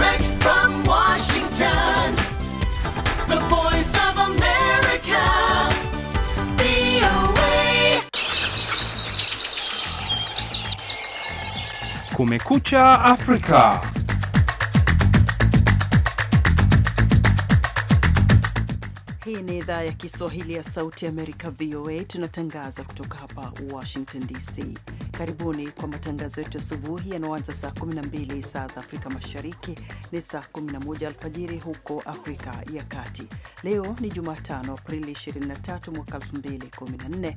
Direct from Washington, the voice of America, VOA. Kumekucha Africa. Hii ni idhaa ya Kiswahili ya Sauti ya Amerika, VOA. Tunatangaza kutoka hapa Washington DC. Karibuni kwa matangazo yetu ya asubuhi yanaoanza saa 12 saa za Afrika Mashariki, ni saa 11 alfajiri huko Afrika ya Kati. Leo ni Jumatano, Aprili 23 mwaka 2014.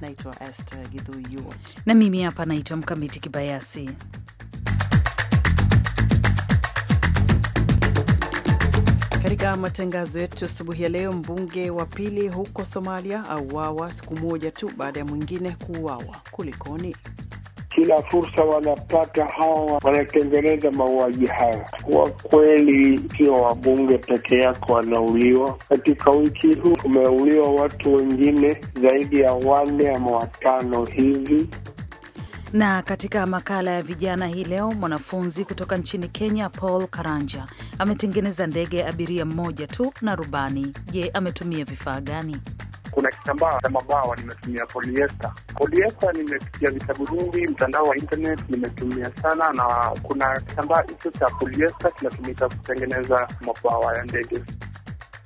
Naitwa Esther Gidhuyu na mimi hapa naitwa Mkamiti Kibayasi Katika matangazo yetu asubuhi ya leo, mbunge wa pili huko Somalia auawa siku moja tu baada ya mwingine kuuawa. Kulikoni? Kila fursa wanapata hawa, wanatengeneza mauaji haya. Kwa kweli, sio wabunge peke yako wanauliwa. Katika wiki huu kumeuliwa watu wengine zaidi ya wanne ama watano hivi. Na katika makala ya vijana hii leo, mwanafunzi kutoka nchini Kenya Paul Karanja ametengeneza ndege ya abiria mmoja tu na rubani. Je, ametumia vifaa gani? Kuna kitambaa cha mabawa nimetumia polyester. Polyester nimepitia vitabu vingi, mtandao wa internet nimetumia sana, na kuna kitambaa hicho cha polyester kinatumika kutengeneza mabawa ya ndege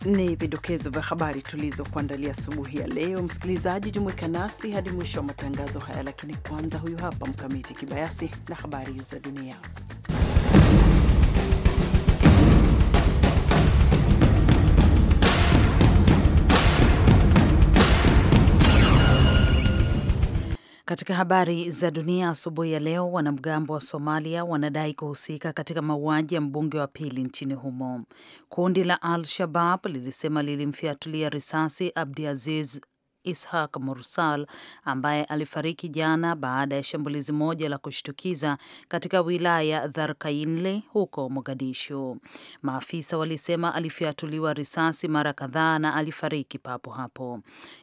ni vidokezo vya habari tulizokuandalia asubuhi ya leo. Msikilizaji, jumuika nasi hadi mwisho wa matangazo haya, lakini kwanza, huyu hapa Mkamiti Kibayasi na habari za dunia. Katika habari za dunia asubuhi ya leo, wanamgambo wa Somalia wanadai kuhusika katika mauaji ya mbunge wa pili nchini humo. Kundi la Al Shabab lilisema lilimfiatulia risasi abdiaziz Ishaq Mursal ambaye alifariki jana baada ya shambulizi moja la kushtukiza katika wilaya Dharkainle huko Mogadishu. Maafisa walisema alifyatuliwa risasi mara kadhaa na alifariki papo hapo.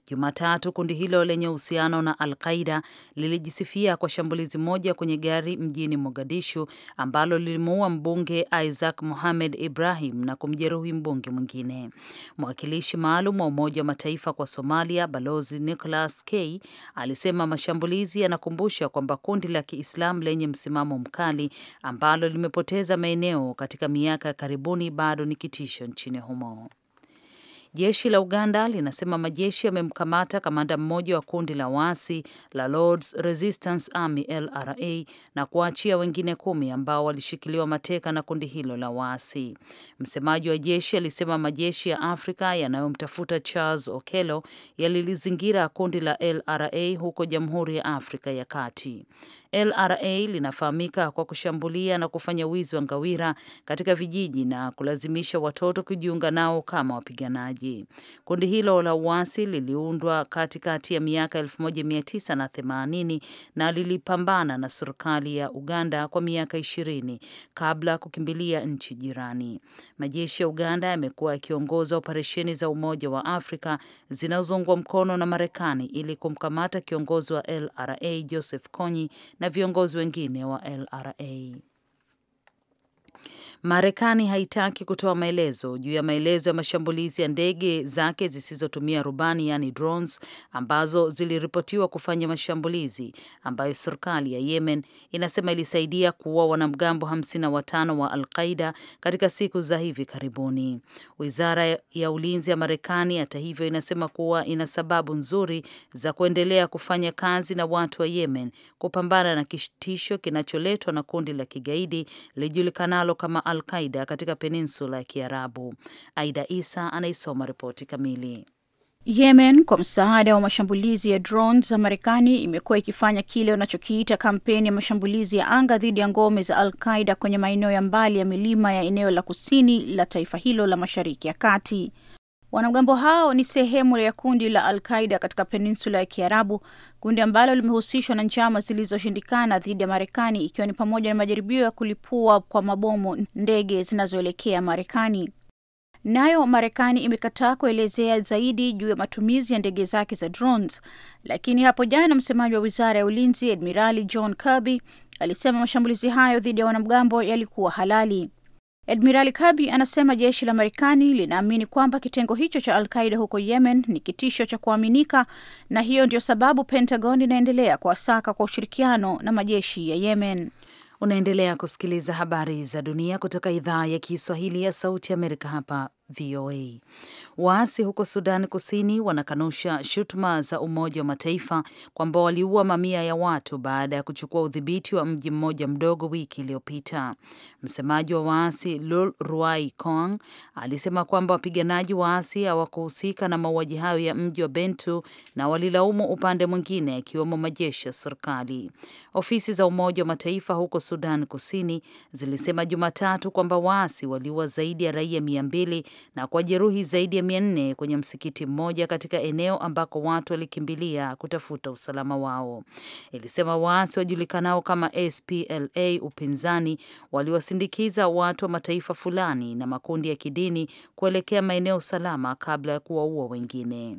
Jumatatu, kundi hilo lenye uhusiano na Al Qaida lilijisifia kwa shambulizi moja kwenye gari mjini Mogadishu ambalo lilimuua mbunge Isaac Mohamed Ibrahim na kumjeruhi mbunge mwingine. Mwakilishi maalum wa Umoja wa Mataifa kwa Somalia Balo Balozi Nicholas K alisema mashambulizi yanakumbusha kwamba kundi la Kiislamu lenye msimamo mkali ambalo limepoteza maeneo katika miaka ya karibuni bado ni kitisho nchini humo. Jeshi la Uganda linasema majeshi yamemkamata kamanda mmoja wa kundi la waasi la Lords Resistance Army LRA na kuwaachia wengine kumi ambao walishikiliwa mateka na kundi hilo la waasi. Msemaji wa jeshi alisema majeshi ya Afrika yanayomtafuta Charles Okello yalilizingira kundi la LRA huko Jamhuri ya Afrika ya Kati. LRA linafahamika kwa kushambulia na kufanya wizi wa ngawira katika vijiji na kulazimisha watoto kujiunga nao kama wapiganaji hii. Kundi hilo la uasi liliundwa katikati ya miaka 1980 na lilipambana na serikali ya Uganda kwa miaka ishirini kabla ya kukimbilia nchi jirani. Majeshi ya Uganda yamekuwa yakiongoza operesheni za Umoja wa Afrika zinazoungwa mkono na Marekani ili kumkamata kiongozi wa LRA Joseph Kony na viongozi wengine wa LRA. Marekani haitaki kutoa maelezo juu ya maelezo ya mashambulizi ya ndege zake zisizotumia rubani, yani drones, ambazo ziliripotiwa kufanya mashambulizi ambayo serikali ya Yemen inasema ilisaidia kuua wanamgambo 55 wa Al-Qaida katika siku za hivi karibuni. Wizara ya ulinzi ya Marekani, hata hivyo, inasema kuwa ina sababu nzuri za kuendelea kufanya kazi na watu wa Yemen kupambana na kitisho kinacholetwa na kundi la kigaidi lijulikanalo kama Al Qaida katika peninsula ya Kiarabu. Aida Isa anaisoma ripoti kamili. Yemen kwa msaada wa mashambulizi ya drones za Marekani imekuwa ikifanya kile wanachokiita kampeni ya mashambulizi ya anga dhidi ya ngome za Al Qaida kwenye maeneo ya mbali ya milima ya eneo la kusini la taifa hilo la Mashariki ya Kati. Wanamgambo hao ni sehemu ya kundi la Al-Qaida katika peninsula ya Kiarabu, kundi ambalo limehusishwa na njama zilizoshindikana dhidi ya Marekani, ikiwa ni pamoja na majaribio ya kulipua kwa mabomu ndege zinazoelekea Marekani. Nayo Marekani imekataa kuelezea zaidi juu ya matumizi ya ndege zake za drones, lakini hapo jana msemaji wa wizara ya ulinzi Admirali John Kirby alisema mashambulizi hayo dhidi ya wanamgambo yalikuwa halali. Admirali Kabi anasema jeshi la Marekani linaamini kwamba kitengo hicho cha Alqaida huko Yemen ni kitisho cha kuaminika, na hiyo ndio sababu Pentagon inaendelea kuwasaka kwa ushirikiano na majeshi ya Yemen. Unaendelea kusikiliza habari za dunia kutoka idhaa ya Kiswahili ya Sauti Amerika hapa VOA. Waasi huko Sudan Kusini wanakanusha shutuma za Umoja wa Mataifa kwamba waliua mamia ya watu baada ya kuchukua udhibiti wa mji mmoja mdogo wiki iliyopita. Msemaji wa waasi Lul Ruai Kong alisema kwamba wapiganaji waasi hawakuhusika na mauaji hayo ya mji wa Bentu na walilaumu upande mwingine, akiwemo majeshi ya serikali. Ofisi za Umoja wa Mataifa huko Sudan Kusini zilisema Jumatatu kwamba waasi waliua zaidi ya raia mia mbili na kwa jeruhi zaidi ya mia nne kwenye msikiti mmoja katika eneo ambako watu walikimbilia kutafuta usalama wao. Ilisema waasi wajulikanao kama SPLA upinzani waliwasindikiza watu wa mataifa fulani na makundi ya kidini kuelekea maeneo salama kabla ya kuwaua wengine.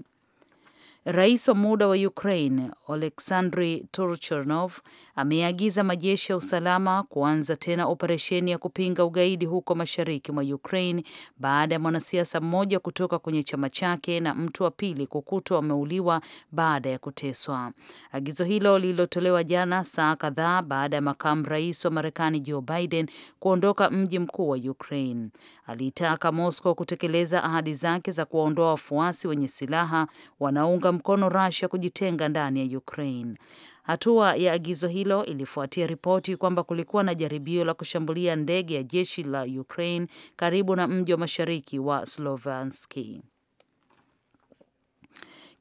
Rais wa muda wa Ukraine Oleksandri Turchynov ameagiza majeshi ya usalama kuanza tena operesheni ya kupinga ugaidi huko mashariki mwa Ukraine baada ya mwanasiasa mmoja kutoka kwenye chama chake na mtu wa pili kukutwa ameuliwa baada ya kuteswa. Agizo hilo lililotolewa jana saa kadhaa baada ya makamu rais wa Marekani Joe Biden kuondoka mji mkuu wa Ukraine. Aliitaka Moscow kutekeleza ahadi zake za kuwaondoa wafuasi wenye silaha wanaunga mkono Russia kujitenga ndani ya Ukraine. Hatua ya agizo hilo ilifuatia ripoti kwamba kulikuwa na jaribio la kushambulia ndege ya jeshi la Ukraine karibu na mji wa mashariki wa slovanski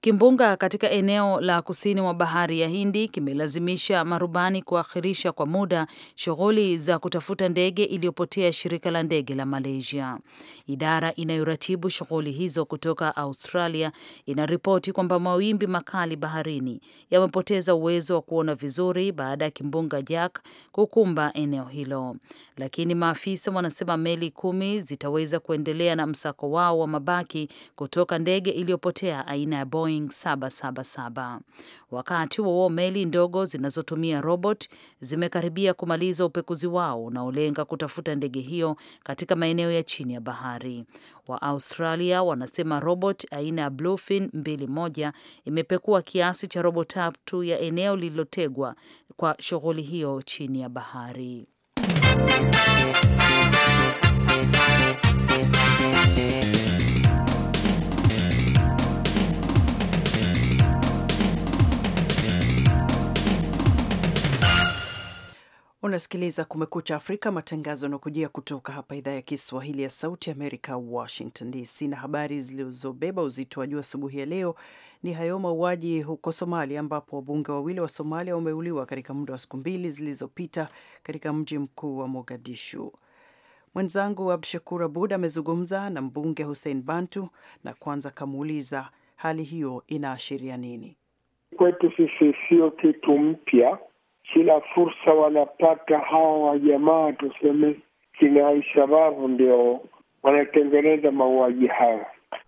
Kimbunga katika eneo la kusini mwa bahari ya Hindi kimelazimisha marubani kuakhirisha kwa muda shughuli za kutafuta ndege iliyopotea shirika la ndege la Malaysia. Idara inayoratibu shughuli hizo kutoka Australia inaripoti kwamba mawimbi makali baharini yamepoteza uwezo wa kuona vizuri baada ya kimbunga Jack kukumba eneo hilo, lakini maafisa wanasema meli kumi zitaweza kuendelea na msako wao wa mabaki kutoka ndege iliyopotea aina ya Boeing 777. Wakati wao meli ndogo zinazotumia robot zimekaribia kumaliza upekuzi wao unaolenga kutafuta ndege hiyo katika maeneo ya chini ya bahari. Wa Australia wanasema robot aina ya Bluefin 21 imepekua kiasi cha robo tatu ya eneo lililotegwa kwa shughuli hiyo chini ya bahari. Unasikiliza Kumekucha Afrika, matangazo yanakujia kutoka hapa idhaa ya Kiswahili ya Sauti Amerika, Washington DC. Na habari zilizobeba uzito wa juu asubuhi ya leo ni hayo mauaji huko Somalia, ambapo wabunge wawili wa Somalia wameuliwa katika muda wa siku mbili zilizopita katika mji mkuu wa Mogadishu. Mwenzangu Abdu Shakur Abud amezungumza na mbunge Hussein Bantu na kwanza kamuuliza hali hiyo inaashiria nini. Kwetu sisi sio kitu mpya kila fursa wanapata hawa wajamaa, tuseme kina Alshababu ndio wanatengeneza mauaji haya.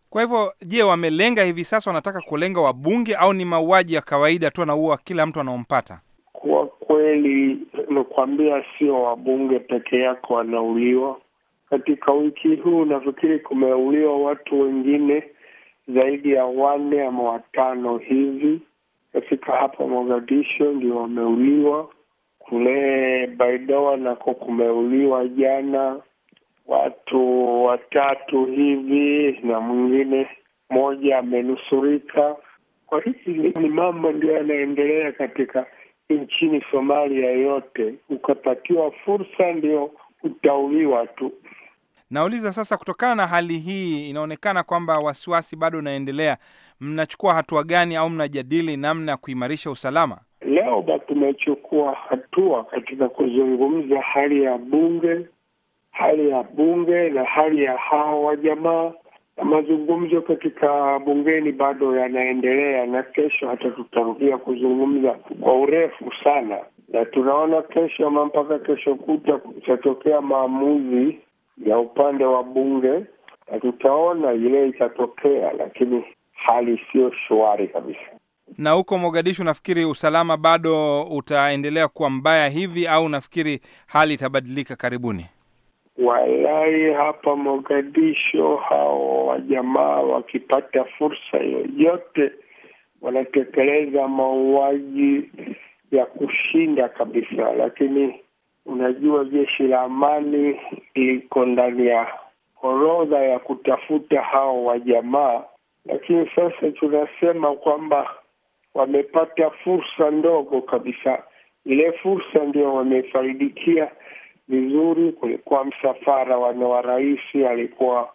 Kwa hivyo, je, wamelenga hivi sasa, wanataka kulenga wabunge au ni mauaji ya kawaida tu, anaua kila mtu anaompata? Kwa kweli nikuambia, sio wabunge peke yako wanauliwa. Katika wiki huu nafikiri kumeuliwa watu wengine zaidi ya wanne ama watano hivi Kafika hapa Mogadisho ndio wameuliwa, kule Baidoa nako kumeuliwa jana watu watatu hivi na mwingine mmoja amenusurika. Kwa hivi ni mambo ndio yanaendelea katika nchini Somalia yote. Ukapatiwa fursa ndio utauliwa tu. Nauliza sasa, kutokana na hali hii, inaonekana kwamba wasiwasi bado unaendelea mnachukua hatua gani au mnajadili namna ya kuimarisha usalama? Leo tumechukua hatua katika kuzungumza hali ya bunge, hali ya bunge na hali ya hawa wa jamaa, na mazungumzo katika bungeni bado yanaendelea, na kesho hata tutarudia kuzungumza kwa urefu sana, na tunaona kesho ama mpaka kesho kuta kutatokea maamuzi ya upande wa bunge na tutaona ile itatokea, lakini hali sio shwari kabisa. Na huko Mogadishu, nafikiri usalama bado utaendelea kuwa mbaya hivi, au nafikiri hali itabadilika karibuni? Walai, hapa mogadisho hao wajamaa wakipata fursa yoyote wanatekeleza mauaji ya kushinda kabisa, lakini unajua jeshi la amani liko ndani ya orodha ya kutafuta hao wajamaa lakini sasa tunasema kwamba wamepata fursa ndogo kabisa. Ile fursa ndio wamefaidikia vizuri. Kulikuwa msafara wana wa rais alikuwa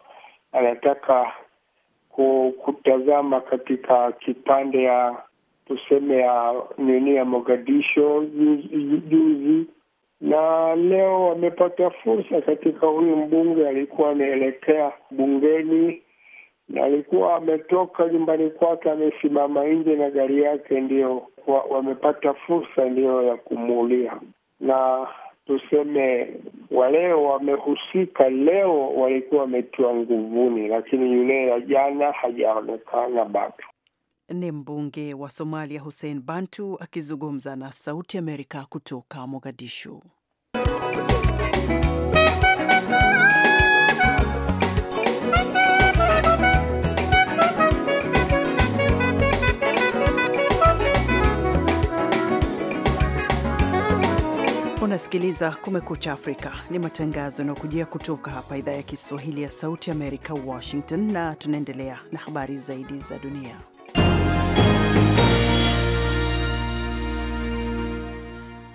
anataka kutazama katika kipande ya tuseme ya nini ya Mogadisho juzi, na leo wamepata fursa katika huyu mbunge alikuwa anaelekea bungeni na alikuwa ametoka nyumbani kwake, amesimama nje na gari yake, ndiyo wa, wamepata fursa ndiyo ya kumuulia na tuseme wale wamehusika leo walikuwa wametiwa nguvuni, lakini yule ya jana hajaonekana bado. Ni mbunge wa Somalia Hussein Bantu akizungumza na Sauti Amerika kutoka Mogadishu. unasikiliza Kumekucha Afrika, ni matangazo yanayokujia kutoka hapa idhaa ya Kiswahili ya Sauti Amerika, Washington, na tunaendelea na habari zaidi za dunia.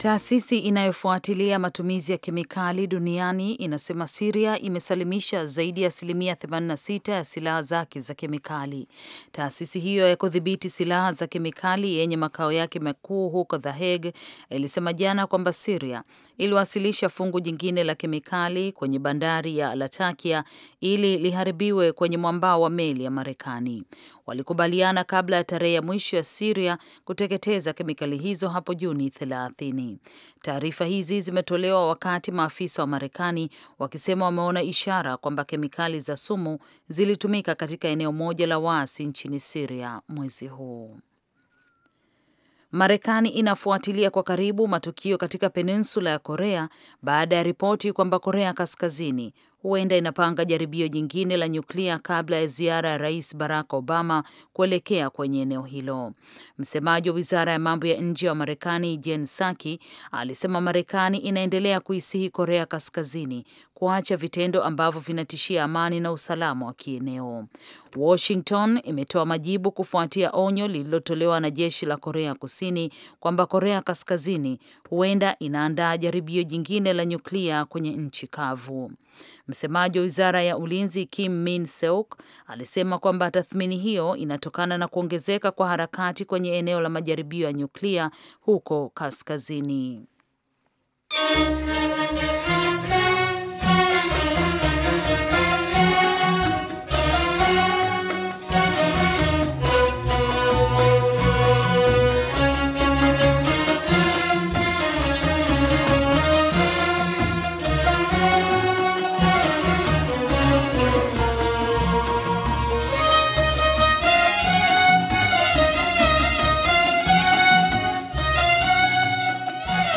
Taasisi inayofuatilia matumizi ya kemikali duniani inasema Siria imesalimisha zaidi ya asilimia 86 ya silaha zake za kemikali. Taasisi hiyo ya kudhibiti silaha za kemikali yenye makao yake makuu huko The Hague ilisema jana kwamba Siria iliwasilisha fungu jingine la kemikali kwenye bandari ya Latakia ili liharibiwe kwenye mwambao wa meli ya Marekani. Walikubaliana kabla ya tarehe ya mwisho ya Siria kuteketeza kemikali hizo hapo Juni 30. Taarifa hizi zimetolewa wakati maafisa wa Marekani wakisema wameona ishara kwamba kemikali za sumu zilitumika katika eneo moja la waasi nchini Siria mwezi huu. Marekani inafuatilia kwa karibu matukio katika peninsula ya Korea baada ya ripoti kwamba Korea Kaskazini huenda inapanga jaribio jingine la nyuklia kabla ya ziara ya Rais Barack Obama kuelekea kwenye eneo hilo. Msemaji wa wizara ya mambo ya nje wa Marekani Jen Psaki alisema Marekani inaendelea kuisihi Korea Kaskazini kuacha vitendo ambavyo vinatishia amani na usalama wa kieneo. Washington imetoa majibu kufuatia onyo lililotolewa na jeshi la Korea Kusini kwamba Korea Kaskazini huenda inaandaa jaribio jingine la nyuklia kwenye nchi kavu. Msemaji wa wizara ya ulinzi Kim Min Seok alisema kwamba tathmini hiyo inatokana na kuongezeka kwa harakati kwenye eneo la majaribio ya nyuklia huko kaskazini.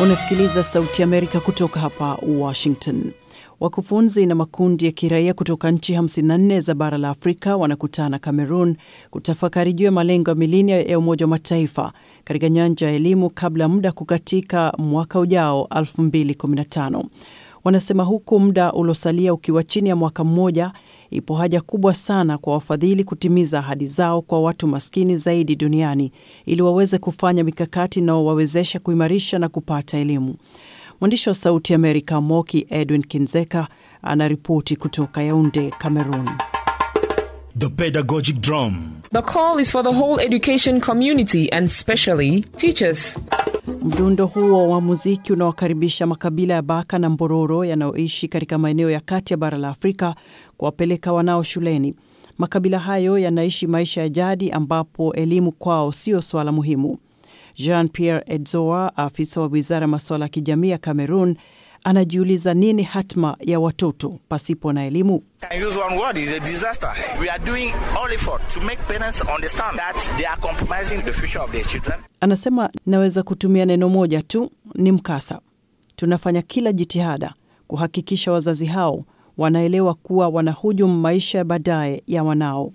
Unasikiliza Sauti ya Amerika kutoka hapa Washington. Wakufunzi na makundi ya kiraia kutoka nchi 54 za bara la Afrika wanakutana Cameroon kutafakari juu ya malengo ya milenia ya Umoja wa Mataifa katika nyanja ya elimu kabla ya muda kukatika mwaka ujao 2015. Wanasema huku muda uliosalia ukiwa chini ya mwaka mmoja ipo haja kubwa sana kwa wafadhili kutimiza ahadi zao kwa watu maskini zaidi duniani ili waweze kufanya mikakati inaowawezesha kuimarisha na kupata elimu. Mwandishi wa Sauti Amerika Moki Edwin Kinzeka anaripoti kutoka Yaunde, Cameroon. The pedagogic drum. The call is for the whole education community and especially teachers. Mdundo huo wa muziki unawakaribisha makabila ya Baka na Mbororo yanayoishi katika maeneo ya kati ya bara la Afrika kuwapeleka wanao shuleni. Makabila hayo yanaishi maisha ya jadi ambapo elimu kwao sio swala muhimu. Jean Pierre Edzoa, afisa wa wizara ya masuala ya kijamii ya Cameroon, anajiuliza nini hatma ya watoto pasipo na elimu. Anasema, naweza kutumia neno moja tu, ni mkasa. Tunafanya kila jitihada kuhakikisha wazazi hao wanaelewa kuwa wanahujumu maisha ya baadaye ya wanao.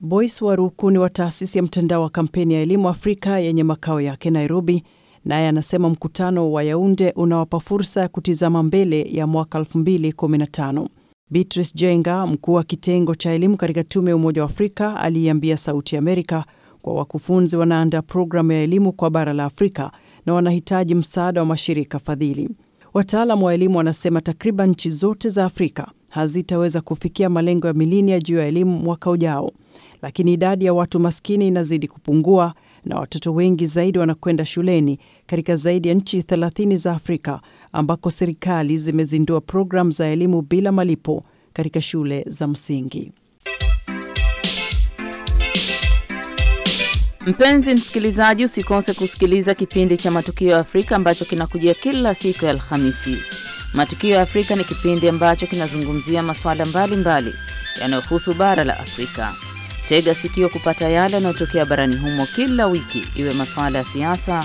Boyce Waruku ni wa taasisi ya mtandao wa kampeni ya elimu Afrika yenye makao yake Nairobi naye anasema mkutano wa Yaunde unawapa fursa ya kutizama mbele ya mwaka 2015. Beatrice Jenga, mkuu wa kitengo cha elimu katika tume ya Umoja wa Afrika, aliiambia Sauti Amerika kwa wakufunzi wanaandaa programu ya elimu kwa bara la Afrika na wanahitaji msaada wa mashirika fadhili. Wataalamu wa elimu wanasema takriban nchi zote za Afrika hazitaweza kufikia malengo ya milenia juu ya elimu mwaka ujao, lakini idadi ya watu maskini inazidi kupungua na watoto wengi zaidi wanakwenda shuleni katika zaidi ya nchi 30 za Afrika ambako serikali zimezindua programu za elimu bila malipo katika shule za msingi. Mpenzi msikilizaji, usikose kusikiliza kipindi cha Matukio ya Afrika ambacho kinakujia kila siku ya Alhamisi. Matukio ya Afrika ni kipindi ambacho kinazungumzia masuala mbalimbali yanayohusu bara la Afrika. Tega sikio kupata yale yanayotokea barani humo kila wiki, iwe masuala ya siasa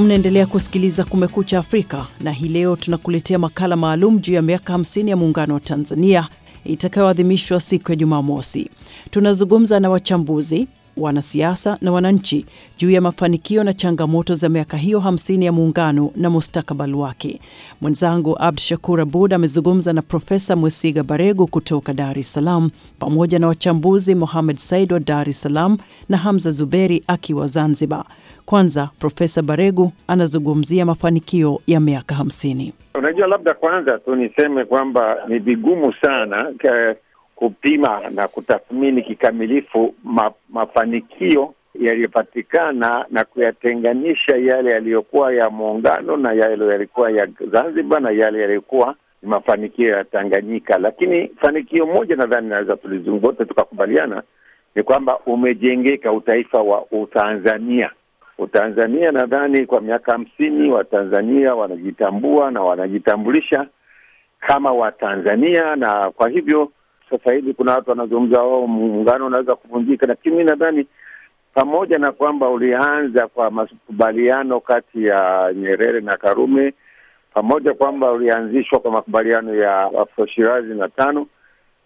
Mnaendelea kusikiliza Kumekucha Afrika, na hii leo tunakuletea makala maalum juu ya miaka 50 ya muungano wa Tanzania itakayoadhimishwa siku ya Jumamosi. Tunazungumza na wachambuzi, wanasiasa na wananchi juu ya mafanikio na changamoto za miaka hiyo 50 ya muungano na mustakabali wake. Mwenzangu Abdu Shakur Abud amezungumza na Profesa Mwesiga Baregu kutoka Dar es Salaam pamoja na wachambuzi Mohamed Said wa Dar es Salaam na Hamza Zuberi akiwa Zanzibar. Kwanza Profesa Baregu anazungumzia mafanikio ya miaka hamsini. Unajua, labda kwanza tu niseme kwamba ni vigumu sana ke, eh, kupima na kutathmini kikamilifu ma, mafanikio yaliyopatikana na kuyatenganisha yale yaliyokuwa ya muungano na yale yalikuwa ya Zanzibar na yale yaliyokuwa ni mafanikio ya Tanganyika. Lakini fanikio moja nadhani naweza tulizungumza tukakubaliana ni kwamba umejengeka utaifa wa Utanzania Utanzania nadhani kwa miaka hamsini Watanzania wanajitambua na wanajitambulisha kama Watanzania, na kwa hivyo sasa hivi kuna watu wanazungumza wao, oh, muungano unaweza kuvunjika, lakini mi nadhani pamoja na kwamba ulianza kwa makubaliano kati ya Nyerere na Karume, pamoja kwamba ulianzishwa kwa makubaliano ya Afro-Shirazi na tano,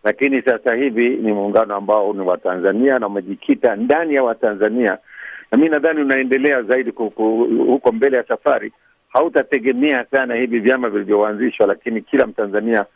lakini sasa hivi ni muungano ambao ni Watanzania na umejikita ndani ya Watanzania na mi nadhani unaendelea zaidi kuku, huko mbele ya safari, hautategemea sana hivi vyama vilivyoanzishwa, lakini kila Mtanzania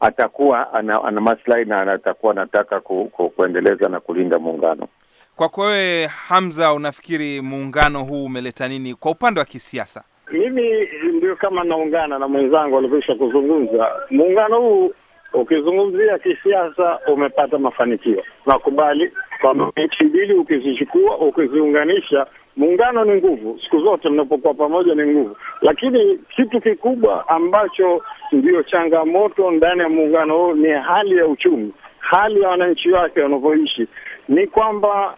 atakuwa ana, ana maslahi na atakuwa anataka ku, ku, kuendeleza na kulinda muungano. Kwako wewe Hamza, unafikiri muungano huu umeleta nini kwa upande wa kisiasa? Mimi ndio kama naungana na mwenzangu alivyoisha kuzungumza. Muungano huu Ukizungumzia kisiasa umepata mafanikio, nakubali kwamba nchi mbili ukizichukua, ukiziunganisha, muungano ni nguvu siku zote, mnapokuwa pamoja ni nguvu. Lakini kitu kikubwa ambacho ndiyo changamoto ndani ya muungano huu ni hali ya uchumi, hali ya wananchi wake wanavyoishi. Ni kwamba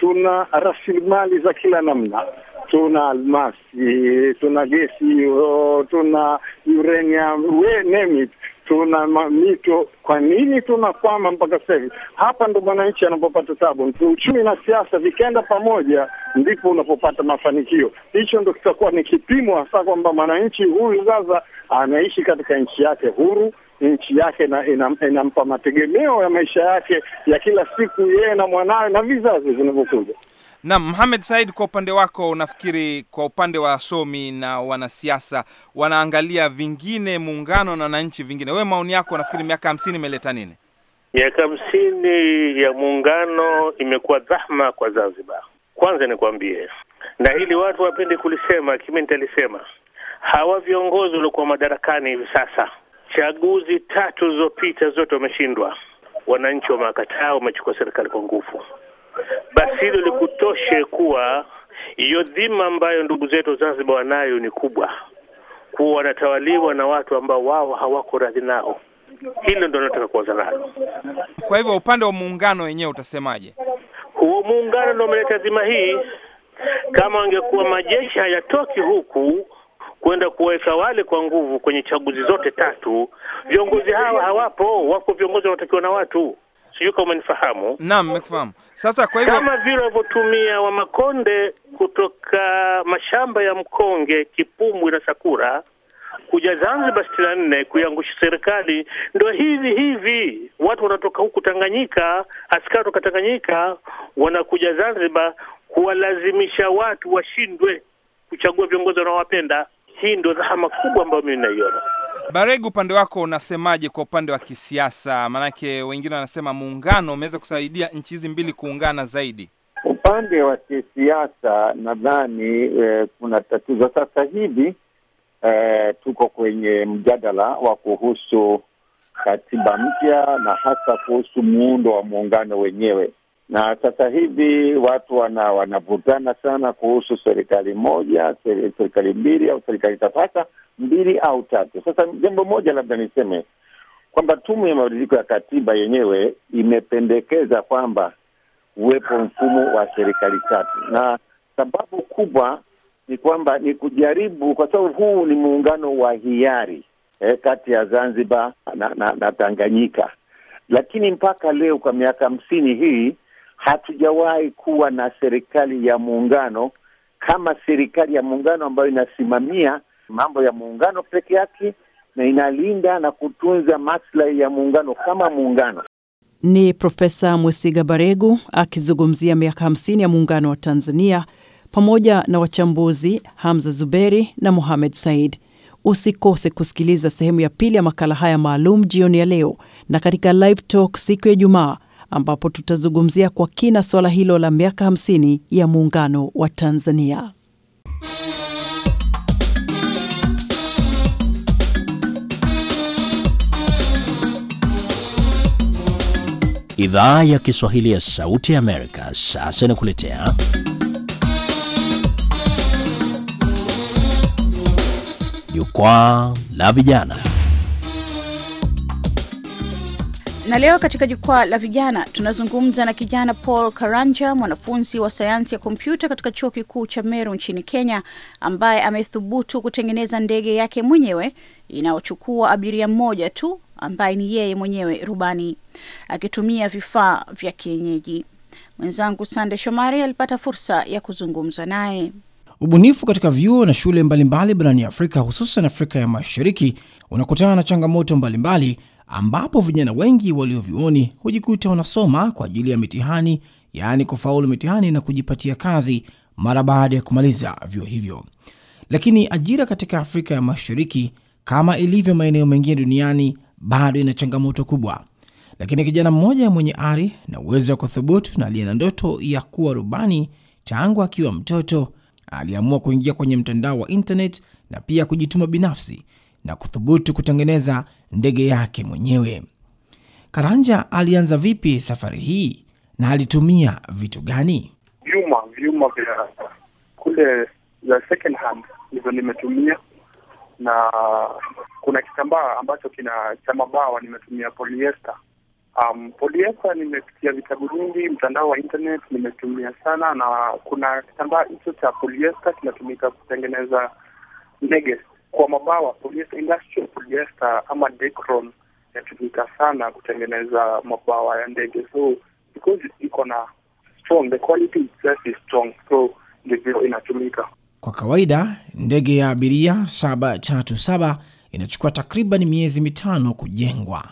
tuna rasilimali za kila namna tuna almasi, tuna gesi, tuna uranium, we name it tuna mito. Kwa nini tunakwama mpaka sasa hivi? Hapa ndo mwananchi anapopata tabu. Uchumi na siasa vikenda pamoja, ndipo unapopata mafanikio. Hicho ndo kitakuwa ni kipimo hasa kwamba mwananchi huyu sasa anaishi katika nchi yake huru nchi yake na inampa ina, ina mategemeo ya maisha yake ya kila siku, yeye na mwanawe na vizazi vinavyokuja. Na Mohamed Said, kwa upande wako, unafikiri kwa upande wa somi na wanasiasa wanaangalia vingine muungano na wananchi vingine, wewe maoni yako, unafikiri miaka hamsini imeleta nini? Miaka hamsini ya muungano imekuwa dhahma kwa Zanzibar. Kwanza nikwambie, na hili watu wapende kulisema, kimi nitalisema, hawa viongozi waliokuwa madarakani hivi sasa, chaguzi tatu zilizopita zote wameshindwa, wananchi wamewakataa, wamechukua serikali kwa nguvu basi hilo likutoshe kuwa hiyo dhima ambayo ndugu zetu Zanzibar wanayo ni kubwa, kuwa wanatawaliwa na watu ambao wao hawako radhi nao. Hilo ndo nataka kuanza nalo. Kwa hivyo upande wa muungano wenyewe utasemaje? Huo muungano ndo umeleta dhima hii. Kama wangekuwa majeshi hayatoki huku kwenda kuweka wale kwa nguvu kwenye chaguzi zote tatu, viongozi hawa hawapo, wako viongozi wanatakiwa na watu sijui kama umenifahamu. Naam, nimekufahamu. Sasa kwa hivyo kama vile walivyotumia Wamakonde kutoka mashamba ya Mkonge, Kipumbwi na Sakura kuja Zanzibar sitini na nne kuiangusha serikali. Ndo hivi hivi watu wanatoka huku Tanganyika, askari kutoka Tanganyika wanakuja Zanzibar kuwalazimisha watu washindwe kuchagua viongozi wanaowapenda. Hii ndo dhahama kubwa ambayo mimi naiona. Baregu, upande wako unasemaje kwa upande wa kisiasa? Maanake wengine wanasema muungano umeweza kusaidia nchi hizi mbili kuungana zaidi. Upande wa kisiasa nadhani e, kuna tatizo sasa hivi e, tuko kwenye mjadala wa kuhusu katiba mpya na hasa kuhusu muundo wa muungano wenyewe na sasa hivi watu wana wanavutana sana kuhusu serikali moja, serikali mbili, au serikali tatu hasa mbili au tatu. Sasa jambo moja labda niseme kwamba tume ya mabadiliko ya katiba yenyewe imependekeza kwamba uwepo mfumo wa serikali tatu, na sababu kubwa ni kwamba ni kujaribu, kwa sababu huu ni muungano wa hiari eh, kati ya Zanzibar na, na, na Tanganyika, lakini mpaka leo kwa miaka hamsini hii hatujawahi kuwa na serikali ya muungano kama serikali ya muungano ambayo inasimamia mambo ya muungano peke yake na inalinda na kutunza maslahi ya muungano kama muungano. Ni Profesa Mwesiga Baregu akizungumzia miaka 50 ya muungano wa Tanzania pamoja na wachambuzi Hamza Zuberi na muhamed Said. Usikose kusikiliza sehemu ya pili ya makala haya maalum jioni ya leo na katika Live Talk siku ya Ijumaa ambapo tutazungumzia kwa kina suala hilo la miaka 50 ya muungano wa Tanzania. Idhaa ya Kiswahili ya Sauti ya Amerika sasa inakuletea Jukwaa la Vijana. Na leo katika jukwaa la vijana tunazungumza na kijana Paul Karanja, mwanafunzi wa sayansi ya kompyuta katika chuo kikuu cha Meru nchini Kenya, ambaye amethubutu kutengeneza ndege yake mwenyewe inayochukua abiria mmoja tu ambaye ni yeye mwenyewe rubani, akitumia vifaa vya kienyeji. Mwenzangu Sande Shomari alipata fursa ya kuzungumza naye. Ubunifu katika vyuo na shule mbalimbali barani Afrika, hususan Afrika ya Mashariki, unakutana na changamoto mbalimbali ambapo vijana wengi walio hujikuta wanasoma kwa ajili ya mitihani, yaani kufaulu mitihani na kujipatia kazi mara baada ya kumaliza vyuo hivyo. Lakini ajira katika Afrika ya Mashariki, kama ilivyo maeneo mengine duniani, bado ina changamoto kubwa. Lakini kijana mmoja mwenye ari na uwezo wa kuthubutu na aliye na ndoto ya kuwa rubani tangu akiwa mtoto aliamua kuingia kwenye mtandao wa internet na pia kujituma binafsi na kuthubutu kutengeneza ndege yake mwenyewe. Karanja alianza vipi safari hii na alitumia vitu gani? Vyuma vyuma vya kule za second hand ndivyo nimetumia, na kuna kitambaa ambacho kina cha mabawa nimetumia polyester. Um, polyester nimepitia vitabu nyingi, mtandao wa internet nimetumia sana, na kuna kitambaa hicho cha polyester kinatumika kutengeneza ndege kwa mabawa, industrial polyester ama Decron yatumika sana kutengeneza mabawa ya ndege, so because iko na strong, the quality itself is strong, so ndivyo inatumika kwa kawaida. Ndege ya abiria 737 inachukua takriban miezi mitano kujengwa.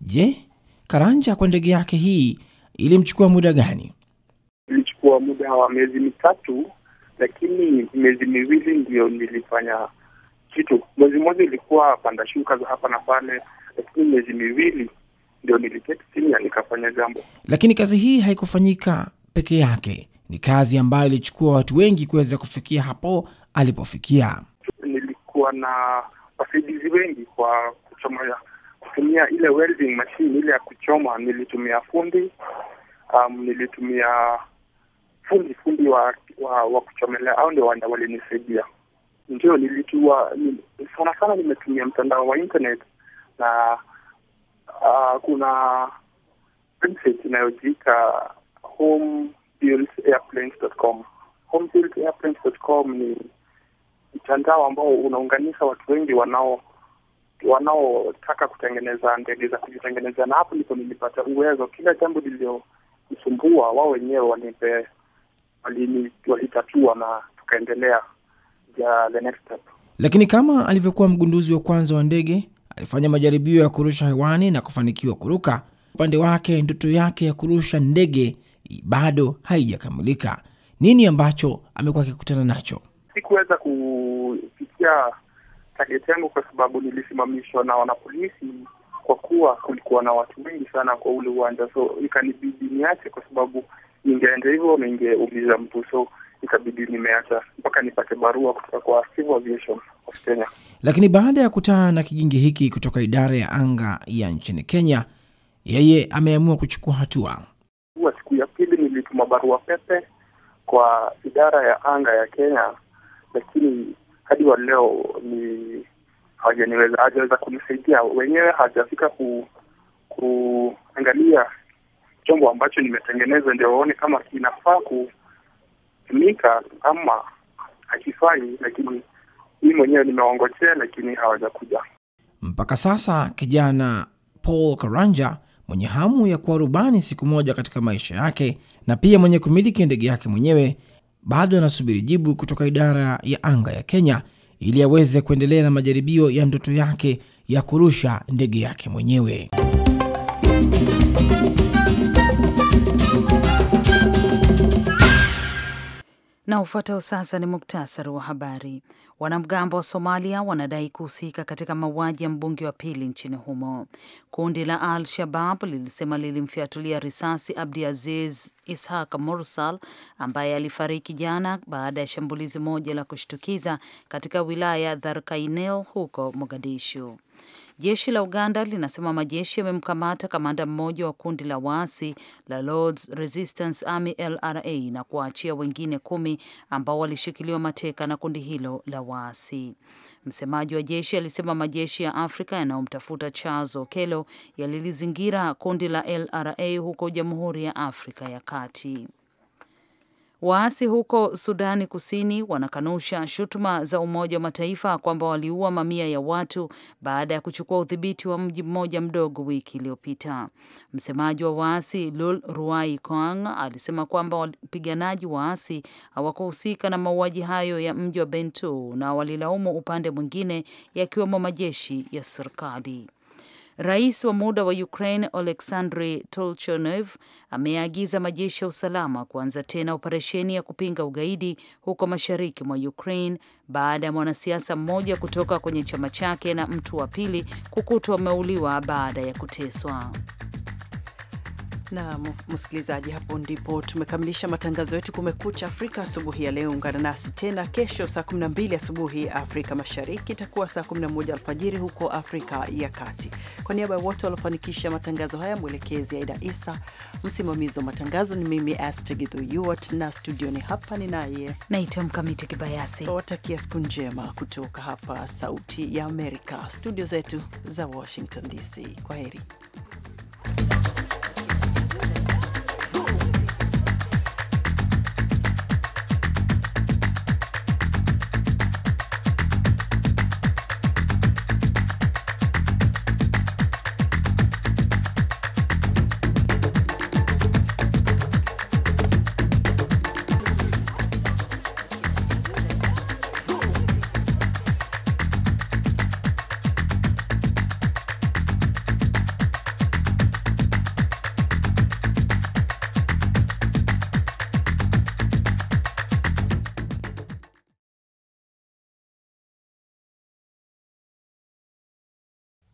Je, Karanja kwa ndege yake hii ilimchukua muda gani? Ilichukua muda wa miezi mitatu, lakini miezi miwili ndiyo nilifanya kitu. Mwezi mmoja ilikuwa panda shuka za hapa na pale, lakini miezi miwili ndio niliketi chini na nikafanya jambo. Lakini kazi hii haikufanyika peke yake, ni kazi ambayo ilichukua watu wengi kuweza kufikia hapo alipofikia. Nilikuwa na wasaidizi wengi kwa kuchoma, kutumia ile welding machine ile ya kuchoma. Nilitumia fundi um, nilitumia fundi fundi wa, wa, wa kuchomelea au ndio walinisaidia ndio nilijua ni, sana sana nimetumia mtandao wa internet na uh, kuna website inayojiita homebuiltairplanes.com. ni mtandao ambao unaunganisha watu wengi wanao wanaotaka kutengeneza ndege za kujitengeneza na hapo ndipo nilipata uwezo. Kila jambo lililonisumbua wao wenyewe walitatua na tukaendelea ya the next step. Lakini kama alivyokuwa mgunduzi wa kwanza wa ndege, alifanya majaribio ya kurusha hewani na kufanikiwa kuruka. Upande wake, ndoto yake ya kurusha ndege bado haijakamilika. Nini ambacho amekuwa akikutana nacho? Sikuweza kufikia target yangu kwa sababu nilisimamishwa na wanapolisi, kwa kuwa kulikuwa na watu wengi sana kwa ule uwanja, so ikanibidi niache, kwa sababu ningeenda hivyo na mtu so ikabidi nimeacha mpaka nipate barua kutoka kwa Civil Aviation of Kenya. Lakini baada ya kutana na kijingi hiki kutoka idara ya anga ya nchini Kenya, yeye ameamua kuchukua hatua. Kwa siku ya pili nilituma barua pepe kwa idara ya anga ya Kenya, lakini hadi wa leo ni hawajaniweza hawajaweza kunisaidia. Wenyewe hawajafika ku, kuangalia chombo ambacho nimetengeneza ndio waone kama kinafaa ku kinatumika ama akifanyi, lakini mimi mwenyewe nimeongojea, lakini hawajakuja mpaka sasa. Kijana Paul Karanja mwenye hamu ya kuwa rubani siku moja katika maisha yake na pia mwenye kumiliki ndege yake mwenyewe bado anasubiri jibu kutoka idara ya anga ya Kenya ili aweze kuendelea na majaribio ya ndoto yake ya kurusha ndege yake mwenyewe. Na ufuatao sasa ni muktasari wa habari. Wanamgambo wa Somalia wanadai kuhusika katika mauaji ya mbunge wa pili nchini humo. Kundi la Al Shabab lilisema lilimfyatulia risasi Abdi Aziz Ishaq Mursal ambaye alifariki jana baada ya shambulizi moja la kushtukiza katika wilaya ya Dharkainel huko Mogadishu. Jeshi la Uganda linasema majeshi yamemkamata kamanda mmoja wa kundi la waasi la Lords Resistance Army LRA na kuwaachia wengine kumi ambao walishikiliwa mateka na kundi hilo la waasi. Msemaji wa jeshi alisema majeshi ya Afrika yanayomtafuta Charles Okello yalilizingira kundi la LRA huko Jamhuri ya Afrika ya Kati. Waasi huko Sudani Kusini wanakanusha shutuma za Umoja wa Mataifa kwamba waliua mamia ya watu baada ya kuchukua udhibiti wa mji mmoja mdogo wiki iliyopita. Msemaji wa waasi Lul Ruai Koang alisema kwamba wapiganaji waasi hawakuhusika na mauaji hayo ya mji wa Bentu na walilaumu upande mwingine, yakiwemo majeshi ya serikali. Rais wa muda wa Ukraine Oleksandri tolchonev ameagiza majeshi ya usalama kuanza tena operesheni ya kupinga ugaidi huko mashariki mwa Ukraine baada ya mwanasiasa mmoja kutoka kwenye chama chake na mtu wa pili kukutwa ameuliwa baada ya kuteswa na msikilizaji, hapo ndipo tumekamilisha matangazo yetu Kumekucha Afrika asubuhi ya leo. Ungana nasi tena kesho saa 12 asubuhi Afrika Mashariki, itakuwa saa 11 alfajiri huko Afrika ya Kati. Kwa niaba ya wote waliofanikisha matangazo haya, mwelekezi Aida Isa, msimamizi wa matangazo ni mimi Astegidhyuat, na studioni hapa ni naye naitwa Mkamiti Kibayasi. Watakia siku njema kutoka hapa Sauti ya Amerika, studio zetu za Washington DC. Kwa heri.